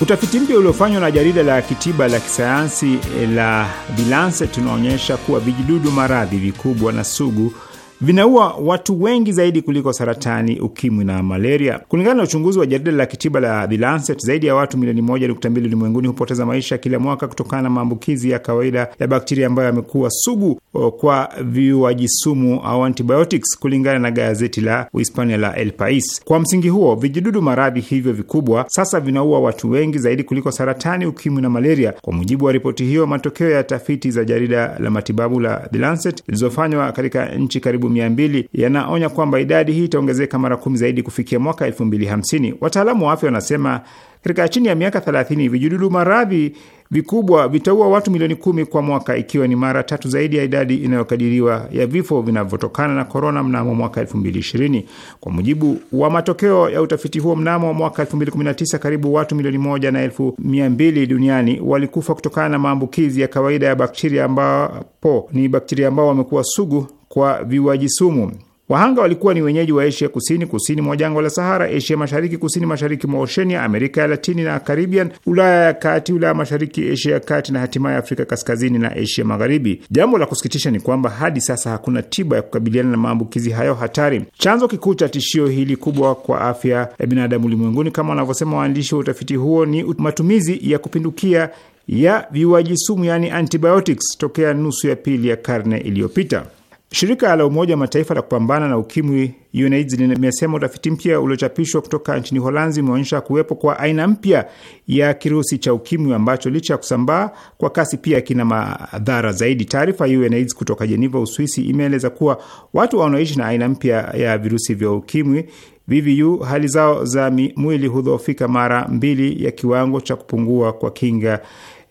Utafiti mpya uliofanywa na jarida la kitiba la kisayansi eh, la The Lancet unaonyesha kuwa vijidudu maradhi vikubwa na sugu vinaua watu wengi zaidi kuliko saratani, ukimwi na malaria. Kulingana na uchunguzi wa jarida la kitiba la The Lancet, zaidi ya watu milioni moja nukta mbili ulimwenguni hupoteza maisha kila mwaka kutokana na maambukizi ya kawaida ya bakteria ambayo yamekuwa sugu kwa viuaji sumu au antibiotics, kulingana na gazeti la Uhispania la El Pais. Kwa msingi huo, vijidudu maradhi hivyo vikubwa sasa vinaua watu wengi zaidi kuliko saratani, ukimwi na malaria, kwa mujibu wa ripoti hiyo. Matokeo ya tafiti za jarida la matibabu la The Lancet zilizofanywa katika nchi karibu karibu mia mbili yanaonya kwamba idadi hii itaongezeka mara kumi zaidi kufikia mwaka elfu mbili hamsini. Wataalamu wa afya wanasema katika chini ya miaka thelathini vijidudu maradhi vikubwa vitaua watu milioni kumi kwa mwaka ikiwa ni mara tatu zaidi ya idadi inayokadiriwa ya vifo vinavyotokana na korona mnamo mwaka 2020. Kwa mujibu wa matokeo ya utafiti huo, mnamo mwaka 2019 karibu watu milioni moja na elfu mia mbili duniani walikufa kutokana na maambukizi ya kawaida ya bakteria, ambapo ni bakteria ambao wamekuwa sugu kwa viwaji sumu. Wahanga walikuwa ni wenyeji wa Asia Kusini, kusini mwa jangwa la Sahara, Asia Mashariki, kusini mashariki mwa Oshenia, Amerika ya Latini na Karibian, Ulaya ya Kati, Ulaya Mashariki, Asia ya Kati na hatimaye Afrika Kaskazini na Asia Magharibi. Jambo la kusikitisha ni kwamba hadi sasa hakuna tiba ya kukabiliana na maambukizi hayo hatari. Chanzo kikuu cha tishio hili kubwa kwa afya ya binadamu ulimwenguni, kama wanavyosema waandishi wa utafiti huo, ni matumizi ya kupindukia ya viwaji sumu, yaani antibiotics, tokea nusu ya pili ya karne iliyopita. Shirika la Umoja wa Mataifa la kupambana na ukimwi UNAIDS limesema utafiti mpya uliochapishwa kutoka nchini Holanzi umeonyesha kuwepo kwa aina mpya ya kirusi cha ukimwi ambacho licha ya kusambaa kwa kasi pia kina madhara zaidi. Taarifa ya UNAIDS kutoka Jeneva, Uswisi, imeeleza kuwa watu wanaoishi na aina mpya ya virusi vya ukimwi VVU hali zao za mwili hudhoofika mara mbili ya kiwango cha kupungua kwa kinga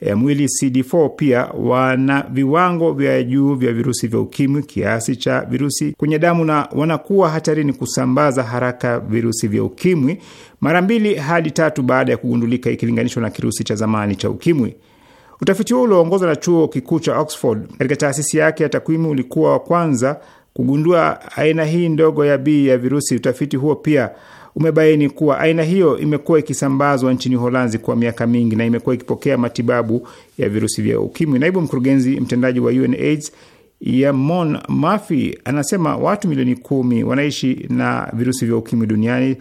ya e, mwili CD4 pia wana viwango vya juu vya virusi vya ukimwi, kiasi cha virusi kwenye damu, na wanakuwa hatarini kusambaza haraka virusi vya ukimwi mara mbili hadi tatu baada ya kugundulika ikilinganishwa na kirusi cha zamani cha ukimwi. Utafiti huo ulioongozwa na chuo kikuu cha Oxford katika taasisi yake ya takwimu ulikuwa wa kwanza kugundua aina hii ndogo ya B ya virusi. Utafiti huo pia umebaini kuwa aina hiyo imekuwa ikisambazwa nchini Holanzi kwa miaka mingi na imekuwa ikipokea matibabu ya virusi vya ukimwi. Naibu mkurugenzi mtendaji wa UNAIDS Yamon Mafi anasema watu milioni kumi wanaishi na virusi vya ukimwi duniani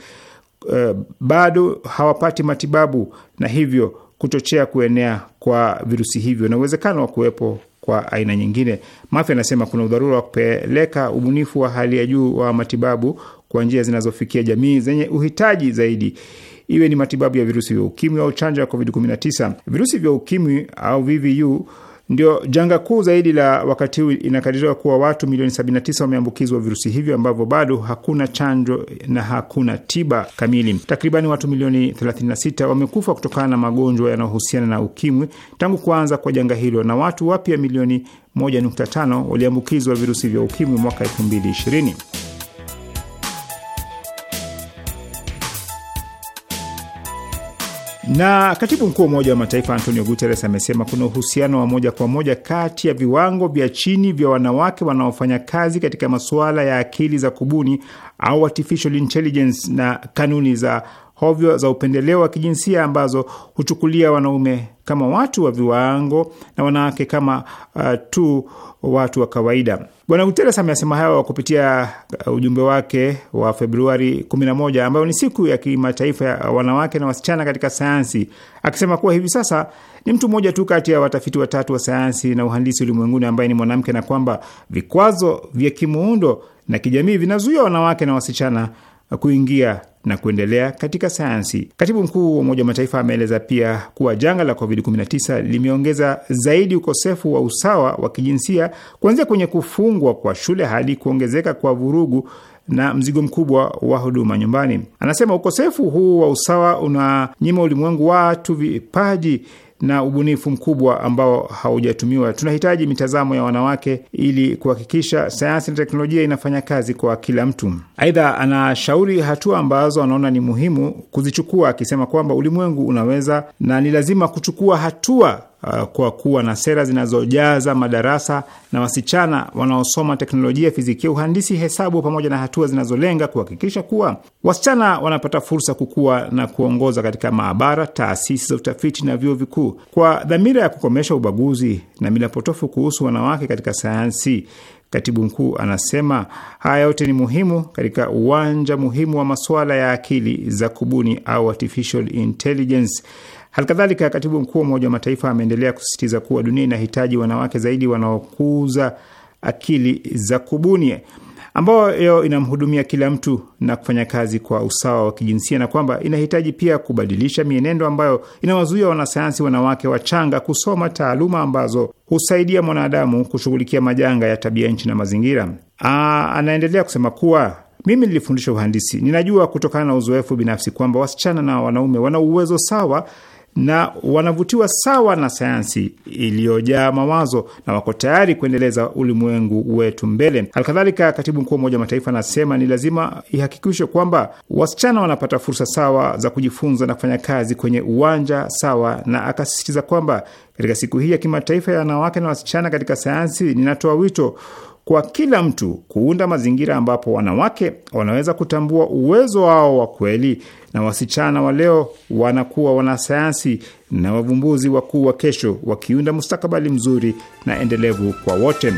uh, bado hawapati matibabu na hivyo kuchochea kuenea kwa virusi hivyo na uwezekano wa kuwepo kwa aina nyingine. Mafi anasema kuna udharura wa kupeleka ubunifu wa hali ya juu wa matibabu kwa njia zinazofikia jamii zenye uhitaji zaidi, iwe ni matibabu ya virusi vya ukimwi au chanjo ya COVID-19. Virusi vya ukimwi au VVU ndio janga kuu zaidi la wakati huu. Inakadiriwa kuwa watu milioni 79 wameambukizwa virusi hivyo ambavyo bado hakuna chanjo na hakuna tiba kamili. Takribani watu milioni 36 wamekufa kutokana na magonjwa yanayohusiana na ukimwi tangu kuanza kwa janga hilo, na watu wapya milioni 1.5 waliambukizwa virusi vya ukimwi mwaka 2020. Na katibu mkuu wa Umoja wa Mataifa Antonio Guterres amesema kuna uhusiano wa moja kwa moja kati ya viwango vya chini vya wanawake wanaofanya kazi katika masuala ya akili za kubuni au artificial intelligence na kanuni za hovyo za upendeleo wa kijinsia ambazo huchukulia wanaume kama watu wa viwango na wanawake kama uh, tu watu wa kawaida. Bwana Guterres amesema hayo kupitia uh, ujumbe wake wa Februari 11 ambayo ni siku ya kimataifa ya wanawake na wasichana katika sayansi, akisema kuwa hivi sasa ni mtu mmoja tu kati ya watafiti watatu wa sayansi na uhandisi ulimwenguni ambaye ni mwanamke, na kwamba vikwazo vya kimuundo na kijamii vinazuia wanawake na wasichana kuingia na kuendelea katika sayansi. Katibu mkuu wa Umoja wa Mataifa ameeleza pia kuwa janga la COVID-19 limeongeza zaidi ukosefu wa usawa wa kijinsia, kuanzia kwenye kufungwa kwa shule hadi kuongezeka kwa vurugu na mzigo mkubwa wa huduma nyumbani. Anasema ukosefu huu wa usawa unanyima ulimwengu watu vipaji na ubunifu mkubwa ambao haujatumiwa. Tunahitaji mitazamo ya wanawake ili kuhakikisha sayansi na teknolojia inafanya kazi kwa kila mtu. Aidha, anashauri hatua ambazo anaona ni muhimu kuzichukua, akisema kwamba ulimwengu unaweza na ni lazima kuchukua hatua uh, kwa kuwa na sera zinazojaza madarasa na wasichana wanaosoma teknolojia, fizikia, uhandisi, hesabu pamoja na hatua zinazolenga kuhakikisha kuwa wasichana wanapata fursa kukua na kuongoza katika maabara, taasisi za utafiti na vyuo vikuu, kwa dhamira ya kukomesha ubaguzi na mila potofu kuhusu wanawake katika sayansi. Katibu mkuu anasema haya yote ni muhimu katika uwanja muhimu wa masuala ya akili za kubuni au artificial intelligence Halikadhalika, katibu mkuu wa Umoja wa Mataifa ameendelea kusisitiza kuwa dunia inahitaji wanawake zaidi wanaokuza akili za kubuni ambayo inamhudumia kila mtu na kufanya kazi kwa usawa wa kijinsia na kwamba inahitaji pia kubadilisha mienendo ambayo inawazuia wanasayansi wanawake wachanga kusoma taaluma ambazo husaidia mwanadamu kushughulikia majanga ya tabia nchi na mazingira. Aa, anaendelea kusema kuwa mimi nilifundisha uhandisi, ninajua kutokana na uzoefu binafsi kwamba wasichana na wanaume wana uwezo sawa na wanavutiwa sawa na sayansi iliyojaa mawazo na wako tayari kuendeleza ulimwengu wetu mbele. Halikadhalika, katibu mkuu wa Umoja wa Mataifa anasema ni lazima ihakikishwe kwamba wasichana wanapata fursa sawa za kujifunza na kufanya kazi kwenye uwanja sawa, na akasisitiza kwamba katika siku hii ya kimataifa ya wanawake na wasichana katika sayansi, ninatoa wito kwa kila mtu kuunda mazingira ambapo wanawake wanaweza kutambua uwezo wao wa kweli na wasichana wa leo wanakuwa wanasayansi na wavumbuzi wakuu wa kesho, wakiunda mustakabali mzuri na endelevu kwa wote.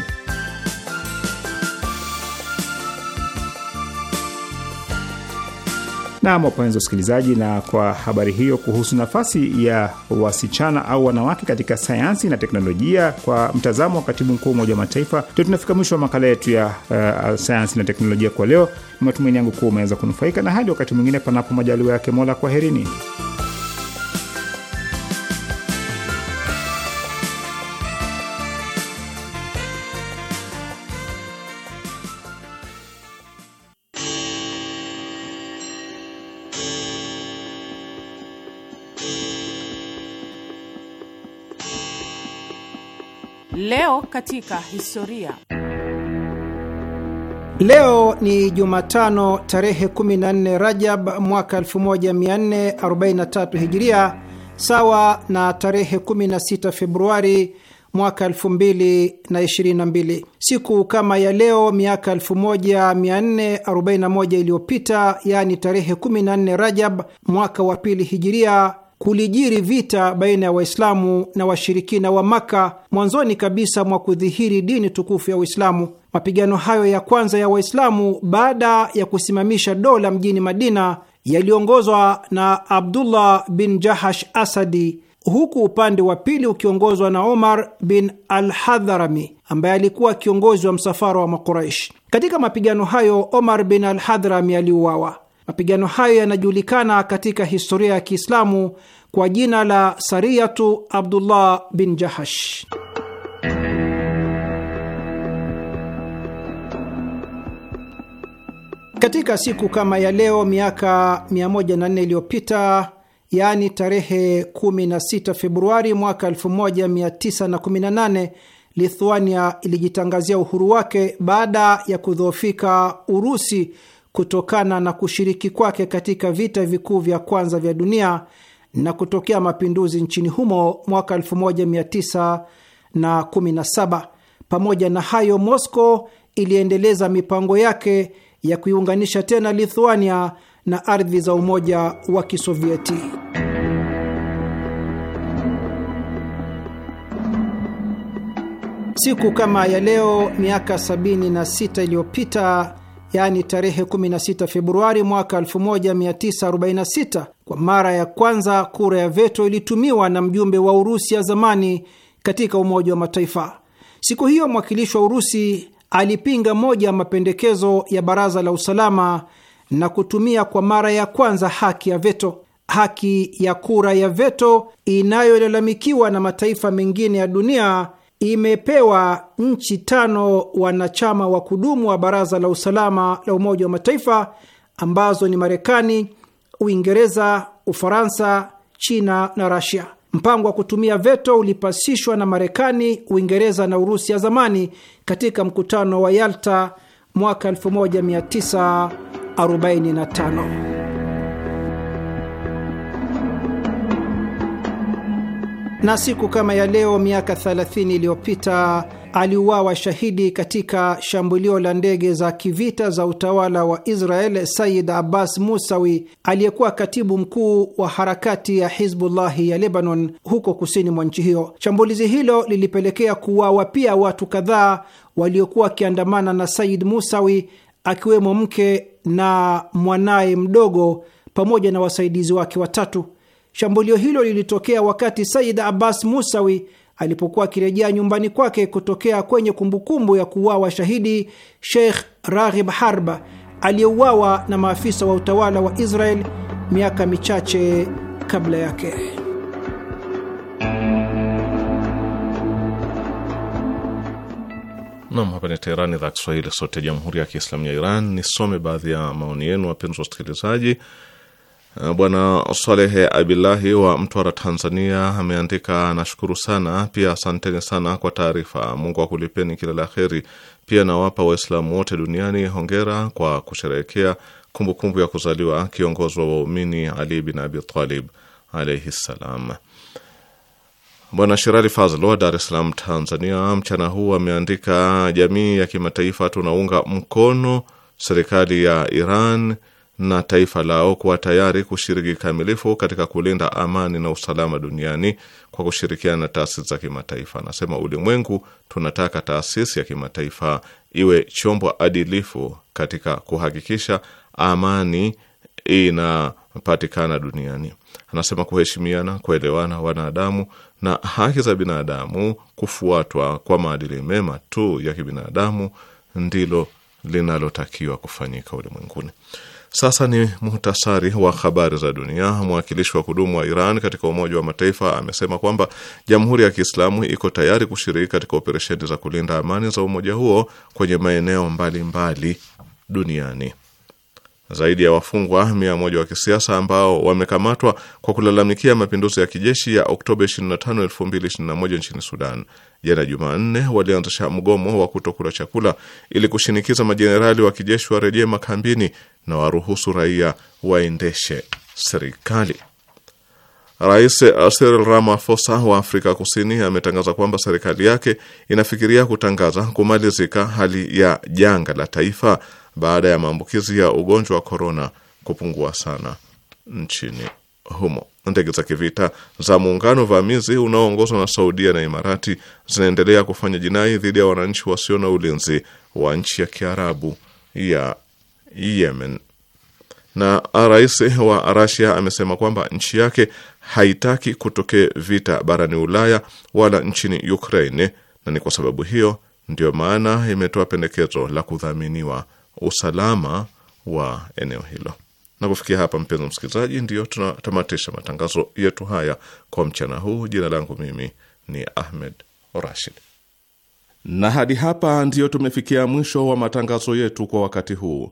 Nam, wapenzi wasikilizaji, na kwa habari hiyo kuhusu nafasi ya wasichana au wanawake katika sayansi na teknolojia kwa mtazamo wa katibu mkuu wa Umoja wa Mataifa, ndio tunafika mwisho wa makala yetu ya uh, sayansi na teknolojia kwa leo. Ni matumaini yangu kuwa umeweza kunufaika, na hadi wakati mwingine, panapo majaliwa yake Mola, kwaherini. Leo katika historia. Leo ni Jumatano tarehe 14 Rajab mwaka 1443 Hijiria, sawa na tarehe 16 Februari mwaka 2022. Siku kama ya leo miaka 1441 iliyopita, yaani tarehe 14 Rajab mwaka wa pili Hijiria kulijiri vita baina ya Waislamu na washirikina wa Maka mwanzoni kabisa mwa kudhihiri dini tukufu ya Uislamu. Mapigano hayo ya kwanza ya Waislamu baada ya kusimamisha dola mjini Madina yaliongozwa na Abdullah bin Jahash Asadi, huku upande wa pili ukiongozwa na Omar bin Alhadharami ambaye alikuwa kiongozi wa msafara wa Makuraishi. Katika mapigano hayo Omar bin Alhadhrami aliuawa. Mapigano hayo yanajulikana katika historia ya Kiislamu kwa jina la Sariyatu Abdullah bin Jahash. Katika siku kama ya leo miaka 104 iliyopita, yaani tarehe 16 Februari mwaka 1918, Lithuania ilijitangazia uhuru wake baada ya kudhoofika Urusi kutokana na kushiriki kwake katika vita vikuu vya kwanza vya dunia na kutokea mapinduzi nchini humo mwaka 1917. Pamoja na hayo, Moscow iliendeleza mipango yake ya kuiunganisha tena Lithuania na ardhi za Umoja wa Kisovieti. Siku kama ya leo miaka 76 iliyopita yaani tarehe 16 Februari mwaka 1946, kwa mara ya kwanza kura ya veto ilitumiwa na mjumbe wa Urusi ya zamani katika Umoja wa Mataifa. Siku hiyo mwakilishi wa Urusi alipinga moja ya mapendekezo ya Baraza la Usalama na kutumia kwa mara ya kwanza haki ya veto. Haki ya kura ya veto inayolalamikiwa na mataifa mengine ya dunia imepewa nchi tano wanachama wa kudumu wa Baraza la Usalama la Umoja wa Mataifa ambazo ni Marekani, Uingereza, Ufaransa, China na Rasia. Mpango wa kutumia veto ulipasishwa na Marekani, Uingereza na Urusi ya zamani katika mkutano wa Yalta mwaka 1945. na siku kama ya leo miaka 30 iliyopita aliuawa shahidi katika shambulio la ndege za kivita za utawala wa Israel Sayid Abbas Musawi aliyekuwa katibu mkuu wa harakati ya Hizbullahi ya Lebanon huko kusini mwa nchi hiyo. Shambulizi hilo lilipelekea kuuawa pia watu kadhaa waliokuwa wakiandamana na Sayid Musawi, akiwemo mke na mwanaye mdogo pamoja na wasaidizi wake watatu. Shambulio hilo lilitokea wakati Said Abbas Musawi alipokuwa akirejea nyumbani kwake kutokea kwenye kumbukumbu ya kuuawa shahidi Sheikh Raghib Harba aliyeuawa na maafisa wa utawala wa Israel miaka michache kabla yake. Nam, hapa ni Teherani, idhaa Kiswahili, sauti ya jamhuri ya kiislamu ya Iran. Nisome baadhi ya maoni yenu, wapenzi usikilizaji Eh, Bwana Salehe Abilahi wa Mtwara, Tanzania, ameandika nashukuru sana pia, asanteni sana kwa taarifa. Mungu akulipeni kila la heri. Pia nawapa Waislamu wote duniani hongera kwa kusherehekea kumbukumbu ya kuzaliwa kiongozi wa waumini Ali bin Abi Talib alaihi ssalam. Bwana Shirali Fazl wa Dar es Salaam, Tanzania, mchana huu ameandika, jamii ya kimataifa tunaunga mkono serikali ya Iran na taifa lao kuwa tayari kushiriki kikamilifu katika kulinda amani na usalama duniani kwa kushirikiana na taasisi za kimataifa. Anasema ulimwengu tunataka taasisi ya kimataifa iwe chombo adilifu katika kuhakikisha amani inapatikana duniani. Anasema kuheshimiana, kuelewana wanadamu na haki za binadamu kufuatwa kwa maadili mema tu ya kibinadamu ndilo linalotakiwa kufanyika ulimwenguni. Sasa ni muhtasari wa habari za dunia. Mwakilishi wa kudumu wa Iran katika Umoja wa Mataifa amesema kwamba Jamhuri ya Kiislamu iko tayari kushiriki katika operesheni za kulinda amani za umoja huo kwenye maeneo mbalimbali mbali duniani. Zaidi ya wafungwa mia moja wa kisiasa ambao wamekamatwa kwa kulalamikia mapinduzi ya kijeshi ya Oktoba 25, 2021 nchini Sudan, jana Jumanne, walianzisha mgomo wa kutokula chakula ili kushinikiza majenerali wa kijeshi warejee makambini na waruhusu raia waendeshe serikali. Rais Cyril Ramaphosa wa Afrika Kusini ametangaza kwamba serikali yake inafikiria kutangaza kumalizika hali ya janga la taifa baada ya maambukizi ya ugonjwa wa korona kupungua sana nchini humo. Ndege za kivita za muungano vamizi unaoongozwa na Saudia na Imarati zinaendelea kufanya jinai dhidi ya wananchi wasio na ulinzi wa nchi ya Kiarabu ya Yemen. Na rais wa Rasia amesema kwamba nchi yake haitaki kutokee vita barani Ulaya wala nchini Ukraine, na ni kwa sababu hiyo ndiyo maana imetoa pendekezo la kudhaminiwa usalama wa eneo hilo. Na kufikia hapa, mpenzi msikilizaji, ndiyo tunatamatisha matangazo yetu haya kwa mchana huu. Jina langu mimi ni Ahmed Rashid, na hadi hapa ndiyo tumefikia mwisho wa matangazo yetu kwa wakati huu.